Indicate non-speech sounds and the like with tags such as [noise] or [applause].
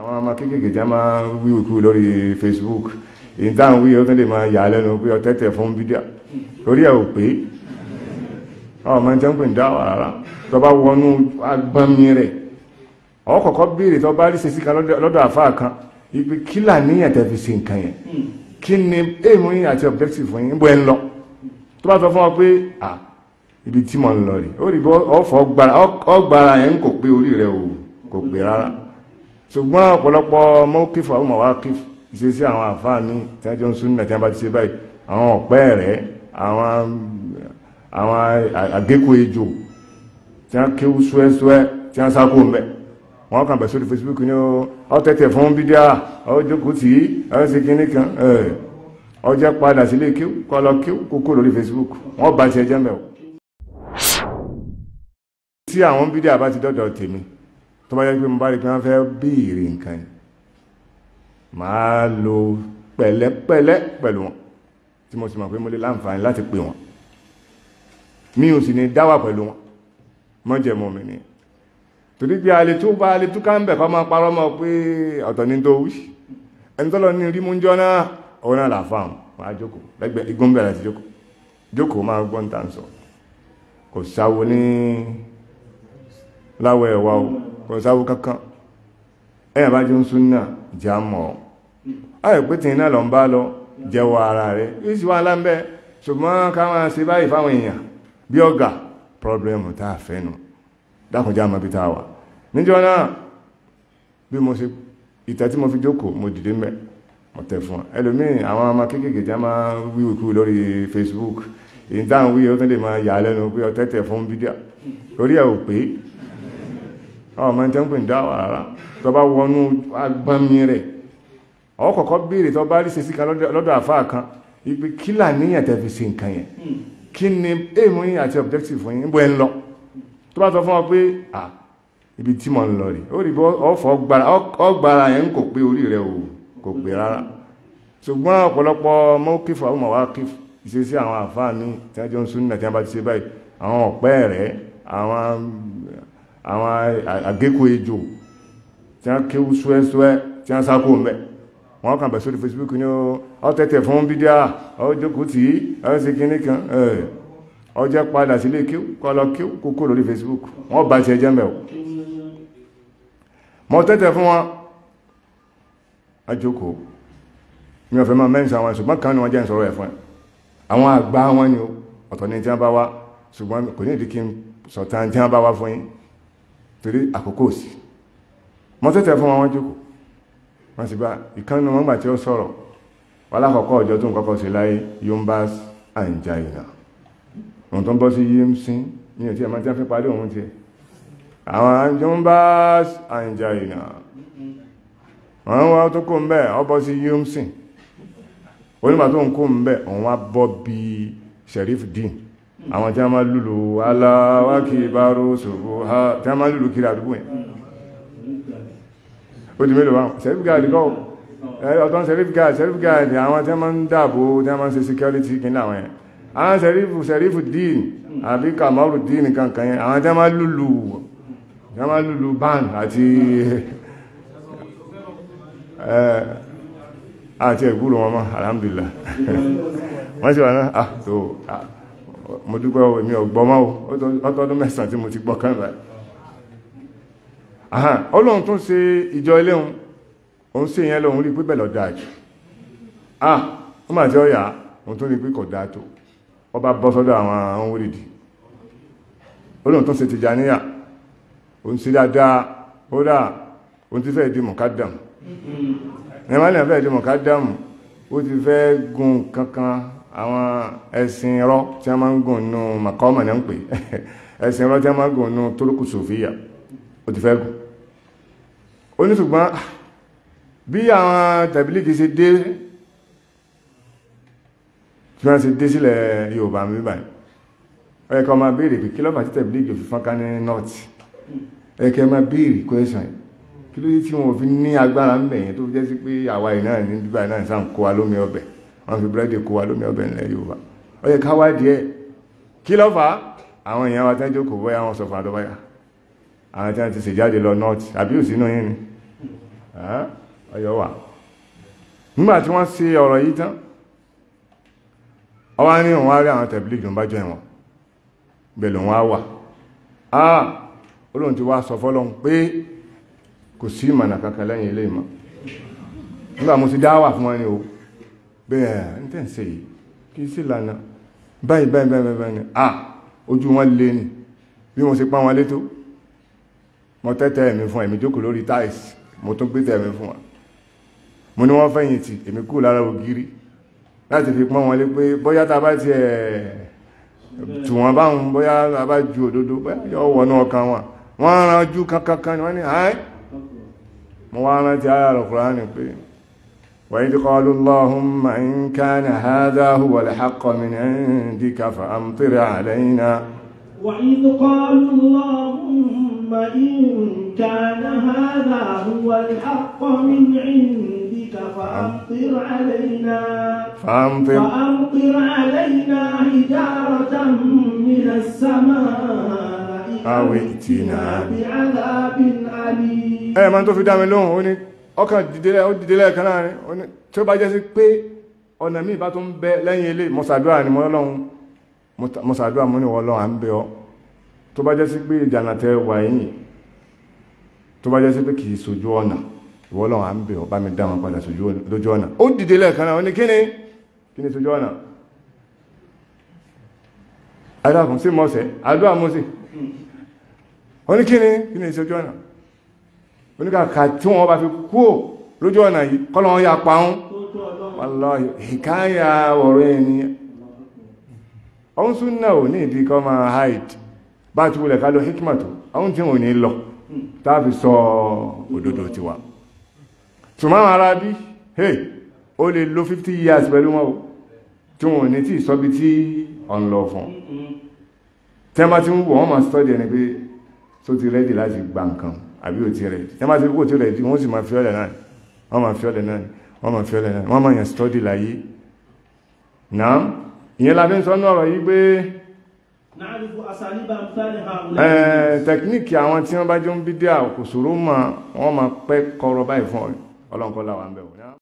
àwọn ọmọ kéékèèké já máa ń wí lórí Facebook èyí táwọn wí ó tún lè máa yà lẹ́nu pé ọ̀tẹ́tẹ̀ fún bídíà torí ẹ̀ ò pé ọmọ jẹ́ ń pè ń dá wà rárá tó bá wọnú agbọ́nmi rẹ̀ ọkọ̀ọ̀kọ́ béèrè tó bá rí ṣe síka lọ́dọ̀ àfáà kan ipe kí là níyàn tẹ́ fi ṣe nǹkan yẹn kí ni èèmù yín àti objective fún yín bó ẹ ń lọ tó bá sọ fún ọ pé à ibi tí mo ń lọ rè ó rí bọ́ ọ̀fọ̀ gbára yẹn kò pé orí rẹ̀ kò pé rárá ṣùgbọ́n ọ̀pọ̀lọpọ̀ mọ́kífù àwọn mọ̀wákífù ṣe sí àwọn àfáàní tí wọ́n jọ ń súnmọ̀ tí wọ́n bá ti ṣe báyìí àwọn ọ̀pẹ́ rẹ̀ àwọn àgékò ejò tí wọ́n kéwú súẹ́súẹ́ tí wọ́n sákò mẹ́ wọ́n kàn bẹ̀ sórí Facebook ní ọ tẹ̀tẹ̀ fún bídíà ọ jókòó tì í ọ ṣe kinní kan ọjọ́ padà sílé kíw kọ́ lọ kíw kókó lórí Facebook wọ́n bá ti ẹjẹ́ mẹ́wọ̀ tí àwọn bídíà bá ti dọ́dọ̀ tèmi tó bá yẹ pé mo bá rí pé wọ́n fẹ́ béèrè nǹkan yìí máa lo pẹ̀lẹ́pẹ̀lẹ́ pẹ̀lú wọn tí mo sì mọ̀ pé mo lè láǹfààní láti pè wọn mi ò sì ní dáwà pẹ̀lú wọn mọ́jẹ̀mọ́ mi ni torí pé alẹ́ tó bá alẹ́ tó káńbẹ̀ kọ́ máa parọ́ mọ́ pé ọ̀tọ̀ ní tó wí ẹni tọ́lọ ní rí mú jọ náà òun náà làá fáwọn máa jókòó lẹ́gbẹ̀ẹ́ igun bẹ̀rẹ̀ sí jókòó jókòó máa gbọ́n tá ń sọ kò sáwo ní láwọ̀ ẹ̀wá o pọ̀sáwó kankan ẹ̀yà bá jẹ́ ń sún náà já mọ̀ ọ́ ayọ̀ pé tìǹ náà lọ ń bá lọ jẹ́wọ́ ara rẹ̀ yóò sì wá láńbẹ́ ṣùgbọ́n ká máa ṣe báyìí fáwọn èèyàn bí ọ̀gà pọ́blẹ́mù tá a fẹ́ nu dákùnjá mọ́ bí tá a wà níjọ́ náà bí mo ṣe ìtẹ́ tí mo fi jókòó mo dìde mẹ́ mo tẹ̀ fún ẹlòmíì àwọn ọmọ kéékèèké já máa wíwò kú lórí Facebook èyí táwọn wíyẹ ó tún lè máa yà á lẹ́nu pé ọtẹ́tẹ̀ fún bídíà lórí ẹ̀ ò pé ọmọ ẹni tẹ́ ń pè ń dáwà rárá tó bá wọnú agbami rẹ̀ ọkọ̀kọ́ béèrè tó bá rí ṣe síka lọ́dọ̀ àfáà kan ipe kí làníyàn tẹ́ fi ṣe nǹkan yẹn hmm. kí ni èèmù yín àti objective fún yín níbo ẹ ń lọ tó bá sọ fún ọ pé à ibi tí mo ń lọ rè ó rí bó ọ̀fọ̀ ọgbàrà yẹn kò pé orí rẹ̀ ò kò pé rárá ṣùgbọ́n ọ̀pọ̀lọpọ̀ mọ́kífù àwọn mọ̀wákífù ìṣesí àwọn àfáà ní tí wọ́n jọ ń sún náà tí wọ́n bá ti ṣe báyìí àwọn ọ̀pẹ́ rẹ̀ àwọn àwọn àgékò ejò tí wọ́n kéwú súẹ́súẹ́ tí wọ́n sákò mẹ́ wọ́n kàn bẹ̀ sórí Facebook ní ọ tẹ́tẹ̀ fún bídíà ọ jókòó tí ọ ṣe kinní kan ọjọ́ padà sílé kíw kọlọ kíw kókó lórí Facebook wọ́n bá ti ẹjẹ́ mẹ́wọ́ mọ́ tẹ́tẹ̀ fún wọn ajókòó mi ò fẹ́ máa mẹ́rin sáwọn ṣùgbọ́n kan ní wọ́n jẹ́ ìṣòro ẹ̀fún ẹ̀ àwọn àgbà wọn ni ọ̀tọ̀ ní tí wọ́n bá wá ṣùgbọ́n kò ní ìdí kí sọ̀tàn tí wọ́n bá wá fún yín torí àkókò sí wọ́n tẹ́tẹ̀ fún wọn jókòó wọ́n sì bá ìkánnú wọn gbà tí ó sọ̀rọ̀ wọ́n lákọ̀ọ́kọ́ ọjọ́ tó ń kọ́kọ́ sí láyé yombas anjaina wọ́n tó ń bọ́ sí yémsín a fi parí òun tiẹ̀ àwọn yombas anjaina wọ́n wá tó kó sí yémsín onímọ̀ sheriff dean àwọn tí a máa lùlù aláwákì báró ṣògbò ha tí a máa lùlù kiri àdúgbò yẹn ó di mélòó báwọn sẹ́rífgáàdì kọ́ ọ̀tọ́n sẹ́rífgáàdì sẹ́rífgáàdì àwọn tí a máa ń dáàbò tí a máa ń ṣe security kí láwọn yẹn àwọn sẹ́rífù sẹ́rífù dín àbí kàmọ́rù dín kankan yẹn àwọn tí a máa lùlù ban àti àti wọn mọ́ alhamdulillah [laughs] wọ́n sì wà náà ah, mo dúpẹ́ o èmi ọ̀gbọ́n máa o ọtọ́dún mẹ́sàn-án tí mo ti gbọ́ kan báyìí ọlọ́run tún ṣe ìjọ eléhun òun ṣe yẹn lòun rí pípẹ́ lọ́dà jù ah wọ́n máa jẹ́ ọ̀yà òun tún rí pé kò dáa tó ọba bọ́ sọ́dọ̀ àwọn àwọn wòlídìí ọlọ́run tún ṣe Tìjàníyà òun ṣe dáadáa ó dà òun ti fẹ́ di mọ̀kádàmù ẹ̀rọ alẹ́ fẹ́ di mọ̀kádàmù ó ti fẹ́ gun kankan àwọn ẹ̀sìn ẹ̀rọ tí a máa ń gùn nù makọ́mà náà ń pè [laughs] ẹ̀sìn ẹ̀rọ tí a máa ń gùn nù tórókù sòfíà ó ti fẹ́ gùn ó ní ṣùgbọ́n ah, bí àwọn tàbílìkì ṣe dé tí wọ́n ṣe dé sílẹ̀ Yorùbá mi báyìí ó yẹ kó máa béèrè pé kí lọ́fà tí tàbílìkì fi fọ́nká ní north ẹ kẹ́ máa béèrè question kí ló dé tí wọn fi ní agbára ń bẹ̀yẹn tó fi jẹ́ sí pé àwa ìnáà wọ́n fi búrẹ́dì kó wa lómi ọbẹ̀ nílẹ̀ Yorùbá ó yẹ ká wá díẹ̀ kí ló fà á àwọn èèyàn wa tẹ́jọ́ kò bóyá wọn sọ̀fà tó báyà àwọn tí wọ́n ti ṣèjáde lọ north àbí ò sínú yín ni ọyọ wà nígbà tí wọ́n ṣe ọ̀rọ̀ yìí tán ọwá ní òun á rí àwọn tẹ̀bílìgì ń bá jọ ẹ̀wọ̀n bẹ̀lú wọn á wà áà olóhun ti wá sọ fọ́lọ́hun pé kò sí ìmọ̀nà kankan lẹ́yìn ilé ìmọ̀ nígbà mo ti dá wà fún wọn ni o bẹ́ẹ̀ ń tẹ̀sẹ̀ yìí kì í sí lànà báyìí báyìí báyìí báyìí ni à ojú wọn lé ni bí wọ́n ṣe pa wọn létó mo tẹ́tẹ́ ẹ̀mí fún ẹ̀mí jókòó lórí táìsì mo tún gbé tẹ̀mí fún wa mo ní wọ́n fẹ̀yìn tì èmi kú lára ògiri láti fi pọ́n wọn lé pé bóyá tá a bá tiẹ̀ tù wọ́n bá wọn bóyá a bá ju òdodo bóyá yọ wọnú ọkàn wọn wọ́n ránjú kankan ni wọ́n ní àáyí mo wá rántí ayé àlùkùránì pé وإذ قالوا اللهم إن كان هذا هو الحق من عندك فأمطر علينا وإذ قالوا اللهم إن كان هذا هو الحق من عندك فأمطر علينا فأمطر, فأمطر علينا حجارة من السماء أو ائتنا بعذاب أليم. أي ما تفيد من لون ọkàn dìdélẹ̀ ó dìdélẹ̀ kan náà ni tí ó bá jẹ́ sí pé ọ̀nà míì bá tó ń bẹ lẹ́yìn ilé mọ̀sàdúrà ni mọ́ lọ́hun mọ̀sàdúrà mú ní wọ́n lọ́hun à ń bẹ ọ́ tó bá jẹ́ sí pé ìjànà tẹ wà yìí tó bá jẹ́ sí pé kìí sojú ọ̀nà ìwọ́ lọ́hun à ń bẹ ọ́ bá mi dá wọn padà sojú lójú ọ̀nà ó dìdélẹ̀ kan náà ó ní kíni kíni sojú ọ̀nà adákùn sí mọ̀sẹ̀ àdúrà ó ní kíni kíni sojú ọ̀nà oníkàkà tí wọ́n bá fi kú lójú ọ̀nà yìí kọ́lọ̀ wọn yà pàún wallahi hikaya ọ̀rọ̀ ẹni ọun sún náà ò ní ìdí kọ́ máa hide bá ti wulẹ̀ ká lọ hikmatu ọun tí wọ́n ní lọ tàbí sọ òdodo ti wà ṣùgbọ́n ara bí hey ó lè lo 50 years pẹ̀lú wọn tí wọ́n ní tí ìsọ́bí tí ọ̀n lọ fún tẹ́mbà tí wọ́n máa study ẹni pé tó ti rẹ́dì láti gba nǹkan àbí ò ti rẹ́dì tí wọ́n bá ti kó ti rẹ́dì wọ́n sì máa fi ọ̀lẹ̀ náà wọ́n máa fi ọ̀lẹ̀ náà wọ́n máa fi ọ̀lẹ̀ náà wọ́n máa yàn stọ́dì láyé náà ìyẹn la fi ń sọ ní ọ̀rọ̀ yìí pé tẹkníkì àwọn tí wọ́n bá jọ ń bí dé àkòsòrò mọ̀ wọ́n máa pẹ́ kọ́rọ̀ báyìí fún ọlọ́nkọ́lá wa ń bẹ̀wò